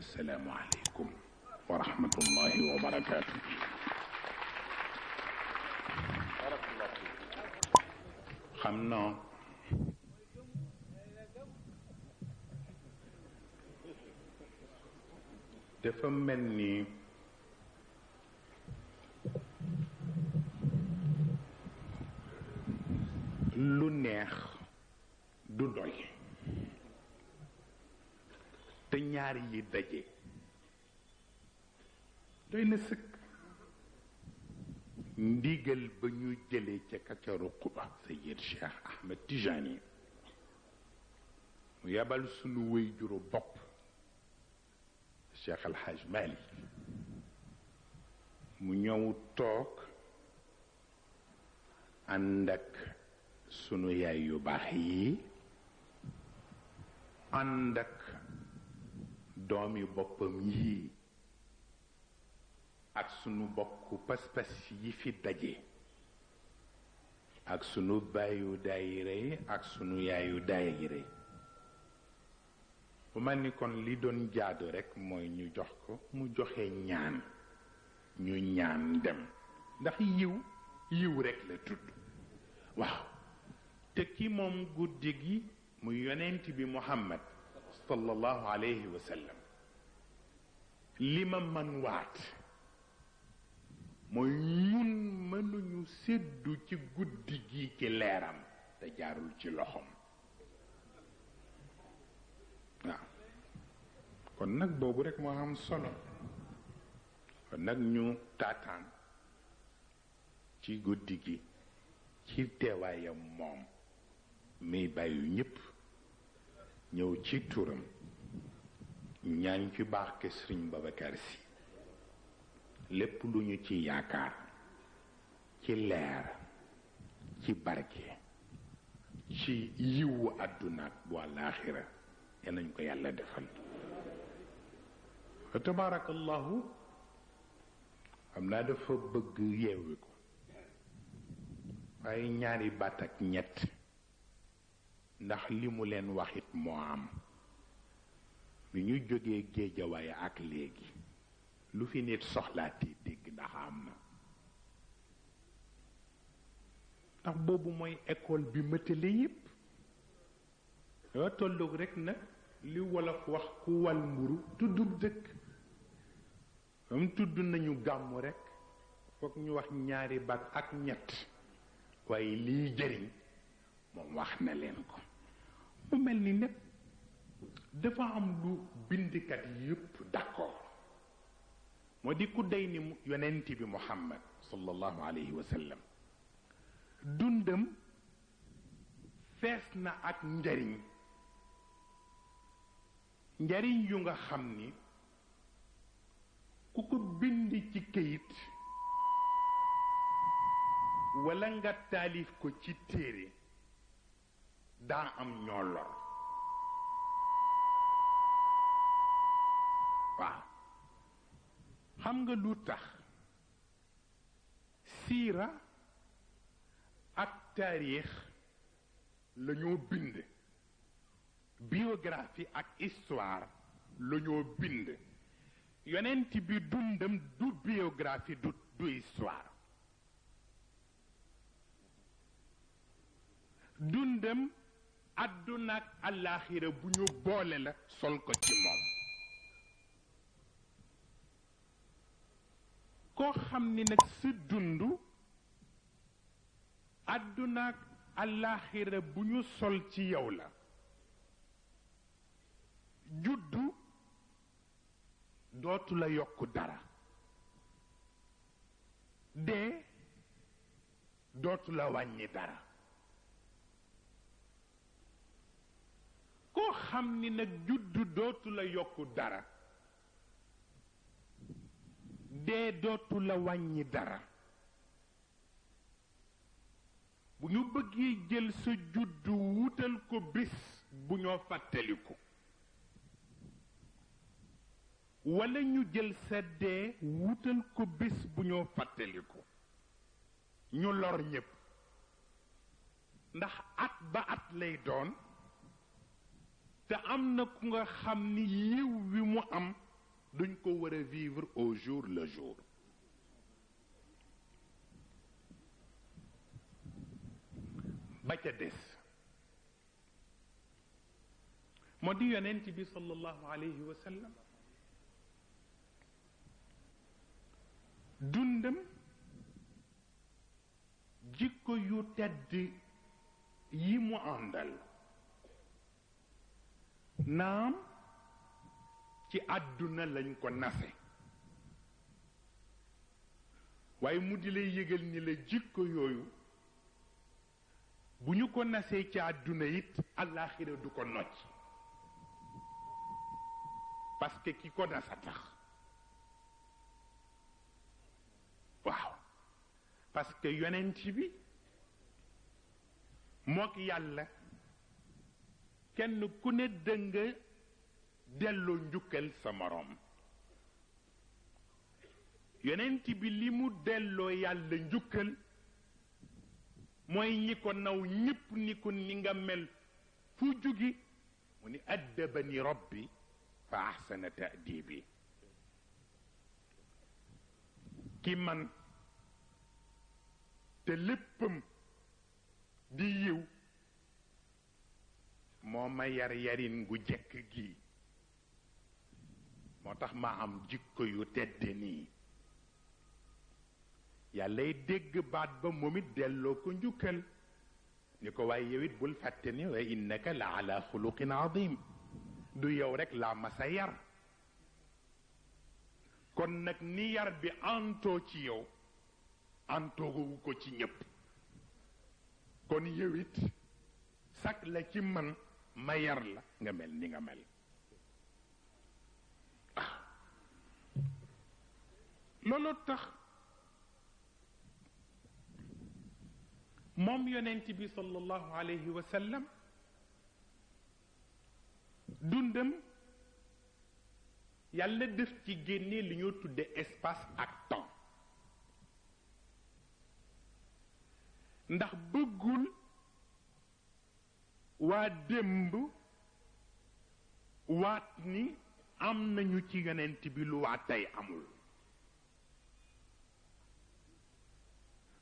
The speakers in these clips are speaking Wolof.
والسلام عليكم ورحمة الله وبركاته خمنا دفن مني لو نيخ دو دوي ñaari yi daje doy na sëkk ndigal ba ñu jëlé ci kakaru quba sayyid cheikh ahmed tijani mu yabal sunu way juro bop cheikh alhaj mali mu ñëw tok andak sunu yaay yu bax yi andak doom yi boppam yii ak sunu bokku pas-pas yi fi daje ak sunu bayu daayire ak sunu yaayu daayire bu mel ni kon li doon jaadu rek mooy ñu jox ko mu joxe ñaan ñu ñaan dem ndax yiw yiw rek la tudd waaw te ki moom guddi gi mu yonent bi muhammad sallallahu alayhi wa sallam li ma man waat mooy ñun mënuñu séddu ci guddi gi ci leeram te jaarul ci loxoom waaw kon nag boobu rek moo am solo kon nag ñu taataan ci guddi gi ci teewaayam moom mi bàyyu ñépp ñëw ci turam ñaañ ci barke Sëriñ Babacar Si lépp lu ñu ci yaakaar ci leer ci barke ci yiwu àddunaat bu àllaaxira yal nañu ko yàlla defal fa tabaarakallahu xam naa dafa bëgg yeewi ko waaye ñaari baat ñett ndax li mu leen waxit moo am bi ñu jógee géejawaay ak léegi lu fi nit soxlaati dégg ndax am na ndax boobu mooy ekool bi mëtale yépp yoo tolloog rekk nag li wolof wax ku wal mburu tuddul dëkk am tudd nañu gàmmu rekk foog ñu wax ñaari baat ak ñett waaye liy jëriñ moom wax na leen ko mu mel ni népp dafa am lu bindikat yépp d'accord moo di ku day ni yonent bi muhammad sallallahu alayhi wa dundam fees na ak njariñ njariñ yu nga xam ni ku ko bind ci këyit walla nga taalif ko ci téere daa am ñoo lor waaw xam nga lu tax siira ak taarix la bind biographie ak histoire la ñoo bind yonent bi dundam du biographie du du dundam àdduna ak àllaaxira bu ñu boole la sol ko ci moom koo xam ni nag sa dund àddunaak àllaaxira bu ñu sol ci yow la juddu dootu la yokk dara dee dootu la wàññi dara koo xam ni nag juddu dootu la yokk dara dee dootu la wàññi dara bu ñu bëggee jël sa juddu wutal ko bis bu ñoo fàttaliku walla ñu jël sa dee wutal ko bis bu ñoo fàttaliku ñu lor ñépp ndax at ba at lay doon te am na ku nga xam ni yiw wi mu am duñ ko war a vivre au jour le jour ba ca des moo di yonent bi sallallahu alayhi wa dundam jikko yu tedd yi mu àndal naam ci àdduna lañ ko nafe waaye mu di lay yëgal ni la jikko yooyu bu ñu ko nasee ci àdduna it àllaaxira du ko nocc parce que ki ko nasa tax waaw parce que yonent bi mook yàlla kenn ku ne dënga delloo njukkal sa moroom yonent bi li mu delloo yàlla njukkal mooy ñi ko naw ñépp ni ko ni nga mel fu jugi mu ni addabani rabbi fa ahsana taadibi ki man te léppam di yiw moo ma yar yarin gu jëkk gi motax ma am jikko yu ni nii lay deg baat ba momit it ko njukkal niko way yewit bul fàtte ni wa innaka la ala khuluqin adim du yow rek laa masa yar kon nak ni yar bi anto ci yow antoogu ko ci ñëpp kon yewit sak la ci man ma yar la nga mel ni nga mel looloo tax moom yonent bi sallallahu alayhi wa sallam dundam yàlla def ci génne li ñoo tudde espace ak temps ndax bëggul waa démb waat ni am nañu ci yonent bi lu waa tey amul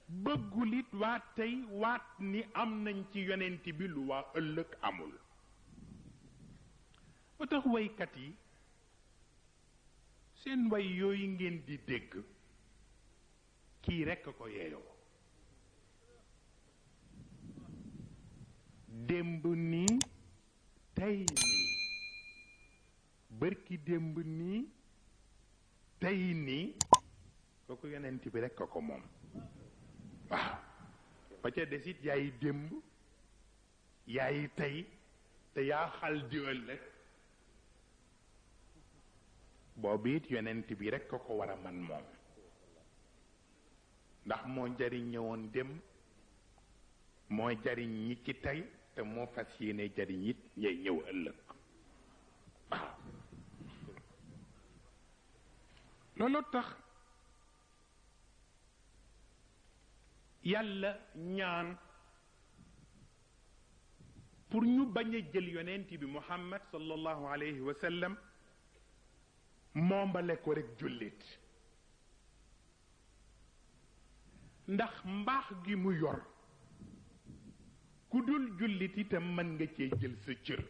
bëggulit waa tey waat ni am nañ ci yonent bi lu waa ëllëg amul ba tax waykat yi seen way yooyu ngeen di dégg kii rekk ko yeeyoo démb nii tey nii bërki démb nii tey nii kooku yonent bi rekk ko moom ba ca desit yaay démb yaay tey te yaa xal di ëllëg boobu it yonent bi rekk a ko war a man moom ndax moo jariñ ñëwoon démb moo jariñ ñi ci tey te moo fas yéene jariñ it ñay ñëw ëllëg waaw tax yàlla ñaan pour ñu bañ a jël yonent bi muhammad sallallahu alayhi wa sallam moombale ko rek jullit ndax mbax gi mu yor ku dul jullit itam mën nga cee jël sa cër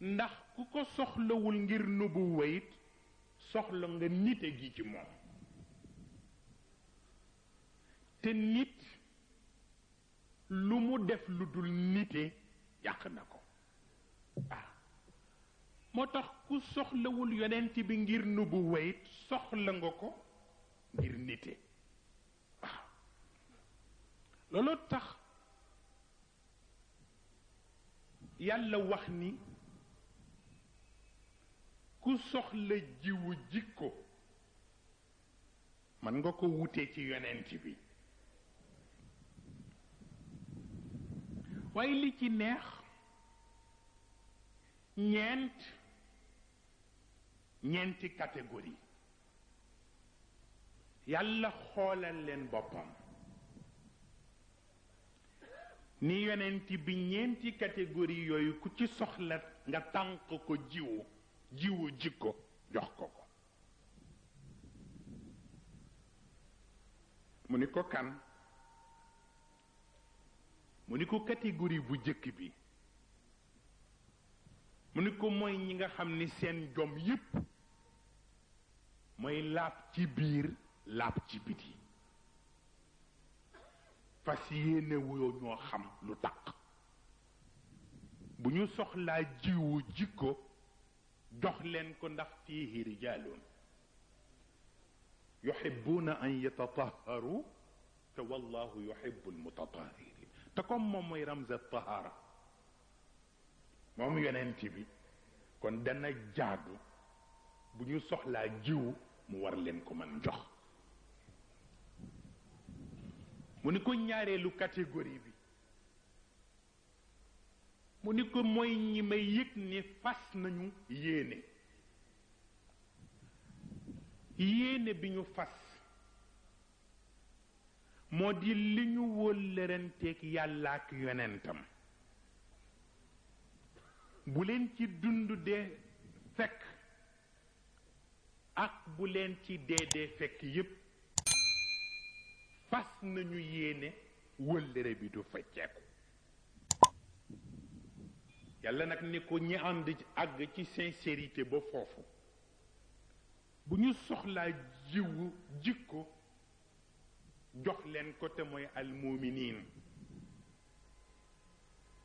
ndax ku ko soxlawul ngir nubu wayit soxla nga nite gi ci moom te nit lu mu def lu dul nite yàq na ko waaw ah. moo tax ku soxlawul yonent bi ngir nubu wayit soxla nga ko ngir nite waaw ah. looloo tax yàlla wax ni ku soxla jiwu jikko mën nga ko wutee ci yonent bi waaye li ci neex ñeent ñeenti catégorie yàlla xoolal leen boppam ni yonent bi ñeenti catégorie yooyu ku ci soxla nga tànk ko jiwu jiwu jikko jox ko ko mu ni ko kan muniko ni catégorie bu jëkk bi muniko moy ñi nga xamni seen jom yépp moy laab ci biir laab ci biti fas yéene wuyoo ñoo xam lu tak bu ñu soxlaa jiwu jikko dox len ko ndax fiihi rijaalun yuxibuuna an yatatahharu te wallahu yuxibu almutatahirin te moom mooy ramza tahaara moom yonent bi kon dana jaadu bu ñu soxlaa jiwu mu war leen ko mën jox mu ni ko ñaareelu catégorie bi mu ni ko mooy ñi may yëg ni fas nañu yéene yéene bi ñu fas moo di li ñu wóllëranteeg yàlla ak yonentam bu leen ci dund dee fekk ak bu leen ci dee dee fekk yépp fas nañu yéene wóllëre bi du fecceeku yàlla nag ni ko ñi ànd àgg ci sincérité ba foofu bu ñu soxlaa jiwu jikko jox leen ko te mooy almuminin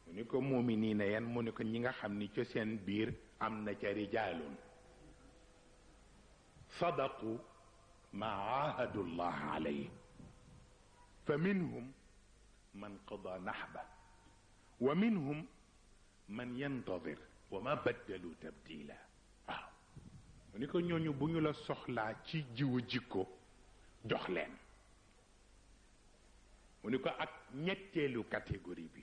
mu ni ko muminina yan mu ni ko ñi nga xam ni ca seen biir am na ca rijaalun صدقوا ما عاهدوا الله عليه فمنهم من قضى نحبه ومنهم من ينتظر وما بدلوا تبديلا waaw mu ni ko ñooñu bu ñu la soxlaa ci jiwu jikko jox leen mu ni ko ak ñetteelu catégorie bi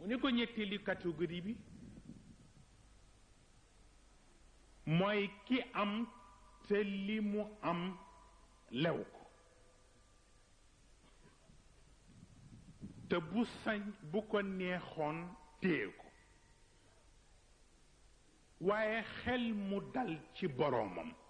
mu ni ko ñetteelu catégorie bi mooy ki am te li mu am lew ko te bu sañ bu ko neexoon téye ko waaye xel mu dal ci boroomam